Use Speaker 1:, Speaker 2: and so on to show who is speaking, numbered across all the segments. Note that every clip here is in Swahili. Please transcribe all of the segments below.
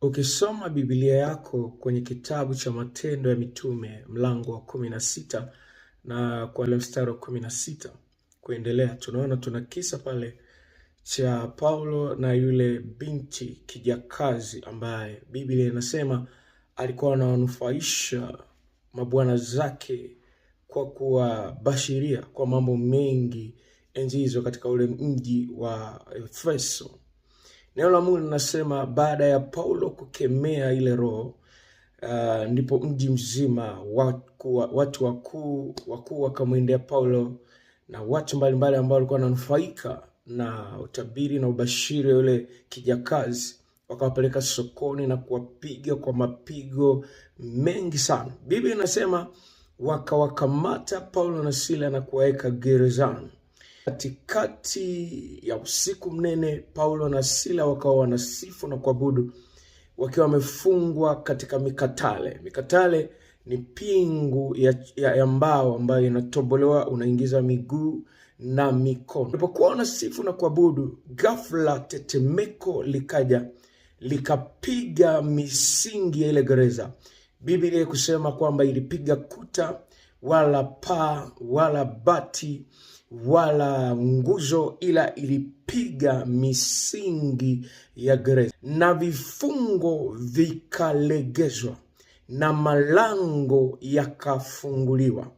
Speaker 1: Ukisoma Biblia yako kwenye kitabu cha Matendo ya Mitume mlango wa kumi na sita na kwa ile mstari wa kumi na sita kuendelea, tunaona tuna kisa pale cha Paulo na yule binti kijakazi ambaye Biblia inasema alikuwa anawanufaisha mabwana zake kwa kuwabashiria kwa mambo mengi enzi hizo katika ule mji wa Efeso. Neno la Mungu linasema baada ya Paulo kukemea ile roho uh, ndipo mji mzima watu wakuu wakuu wakamwendea Paulo na watu mbalimbali ambao walikuwa wananufaika na utabiri na ubashiri wa yule kijakazi wakawapeleka sokoni na kuwapiga kwa mapigo mengi sana. Biblia inasema wakawakamata Paulo na Sila na kuwaweka gerezani. Katikati ya usiku mnene, Paulo na Sila wakawa wanasifu na kuabudu wakiwa wamefungwa katika mikatale. Mikatale ni pingu ya, ya, ya mbao ambayo inatobolewa, unaingiza miguu na mikono. Walipokuwa wanasifu na kuabudu, gafla tetemeko likaja likapiga misingi ya ile gereza. Biblia kusema kwamba ilipiga kuta wala paa wala bati wala nguzo, ila ilipiga misingi ya gereza, na vifungo vikalegezwa, na malango yakafunguliwa.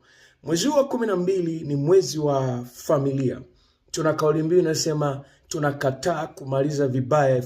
Speaker 1: Mwezi wa kumi na mbili ni mwezi wa familia. Tuna kauli mbiu inasema tunakataa kumaliza vibaya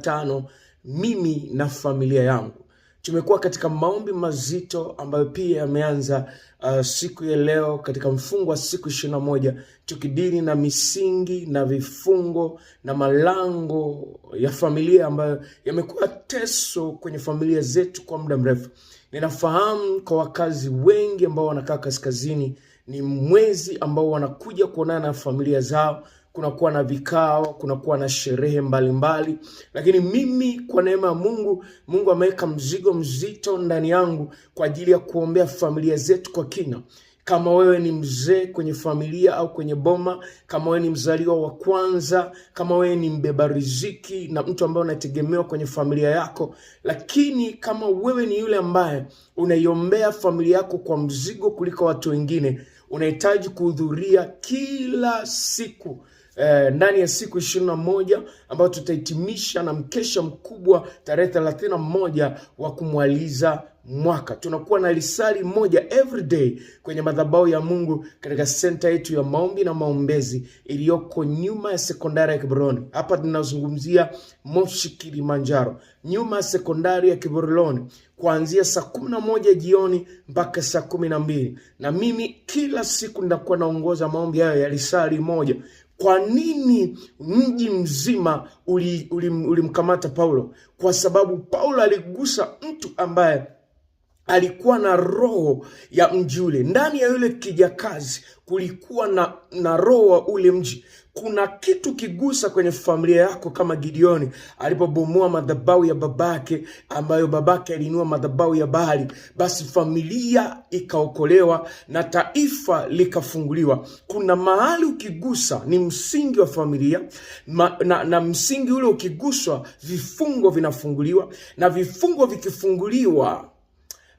Speaker 1: tano mimi na familia yangu. Tumekuwa katika maombi mazito ambayo pia yameanza uh, siku ya leo katika mfungo wa siku ishirini moja tukidili na misingi na vifungo na malango ya familia ambayo yamekuwa teso kwenye familia zetu kwa muda mrefu. Ninafahamu kwa wakazi wengi ambao wanakaa kaskazini, ni mwezi ambao wanakuja kuonana na familia zao kunakuwa na vikao, kunakuwa na sherehe mbalimbali mbali. Lakini mimi kwa neema ya Mungu, Mungu ameweka mzigo mzito ndani yangu kwa ajili ya kuombea familia zetu kwa kina. Kama wewe ni mzee kwenye familia au kwenye boma, kama wewe ni mzaliwa wa kwanza, kama wewe ni mbeba riziki na mtu ambaye unategemewa kwenye familia yako, lakini kama wewe ni yule ambaye unaiombea familia yako kwa mzigo kuliko watu wengine, unahitaji kuhudhuria kila siku eh, ndani ya siku ishirini na moja ambayo tutahitimisha na mkesha mkubwa tarehe thelathini na moja wa kumwaliza mwaka. Tunakuwa na lisali moja every day kwenye madhabahu ya Mungu katika senta yetu ya maombi na maombezi iliyoko nyuma ya sekondari ya Kiboroni. Hapa tunazungumzia Moshi, Kilimanjaro, nyuma ya sekondari ya Kiboroni, kuanzia saa kumi na moja jioni mpaka saa kumi na mbili na mimi kila siku nitakuwa naongoza maombi hayo ya lisali moja kwa nini mji mzima ulimkamata uli, uli Paulo? Kwa sababu Paulo aligusa mtu ambaye alikuwa na roho ya mji ule. Ndani ya yule kijakazi kulikuwa na, na roho wa ule mji. Kuna kitu kigusa kwenye familia yako, kama Gideoni alipobomoa madhabahu ya babake, ambayo babake aliinua madhabahu ya Baali, basi familia ikaokolewa na taifa likafunguliwa. Kuna mahali ukigusa ni msingi wa familia ma, na, na msingi ule ukiguswa, vifungo vinafunguliwa, na vifungo vikifunguliwa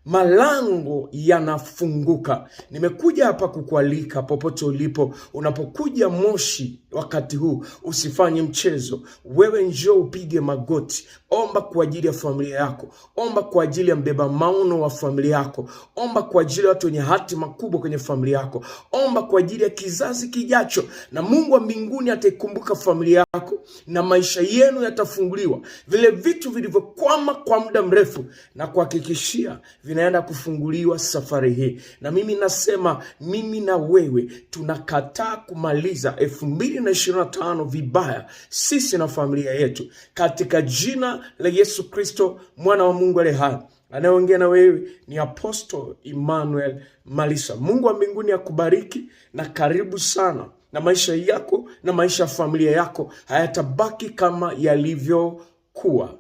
Speaker 1: malango yanafunguka. Nimekuja hapa kukualika popote ulipo. Unapokuja Moshi wakati huu, usifanye mchezo. Wewe njoo upige magoti, omba kwa ajili ya familia yako, omba kwa ajili ya mbeba maono wa familia yako, omba kwa ajili ya watu wenye hatima kubwa kwenye familia yako, omba kwa ajili ya kizazi kijacho, na Mungu wa mbinguni ataikumbuka familia yako na maisha yenu yatafunguliwa, vile vitu vilivyokwama kwa muda mrefu, na kuhakikishia vinaenda kufunguliwa safari hii, na mimi nasema, mimi na wewe tunakataa kumaliza elfu mbili na ishirini na tano vibaya, sisi na familia yetu, katika jina la Yesu Kristo mwana wa Mungu ale hai. Anayeongea na wewe ni Apostle Emmanuel Malisa. Mungu wa mbinguni akubariki na karibu sana, na maisha yako na maisha ya familia yako hayatabaki kama yalivyokuwa.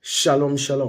Speaker 1: Shalom, shalom.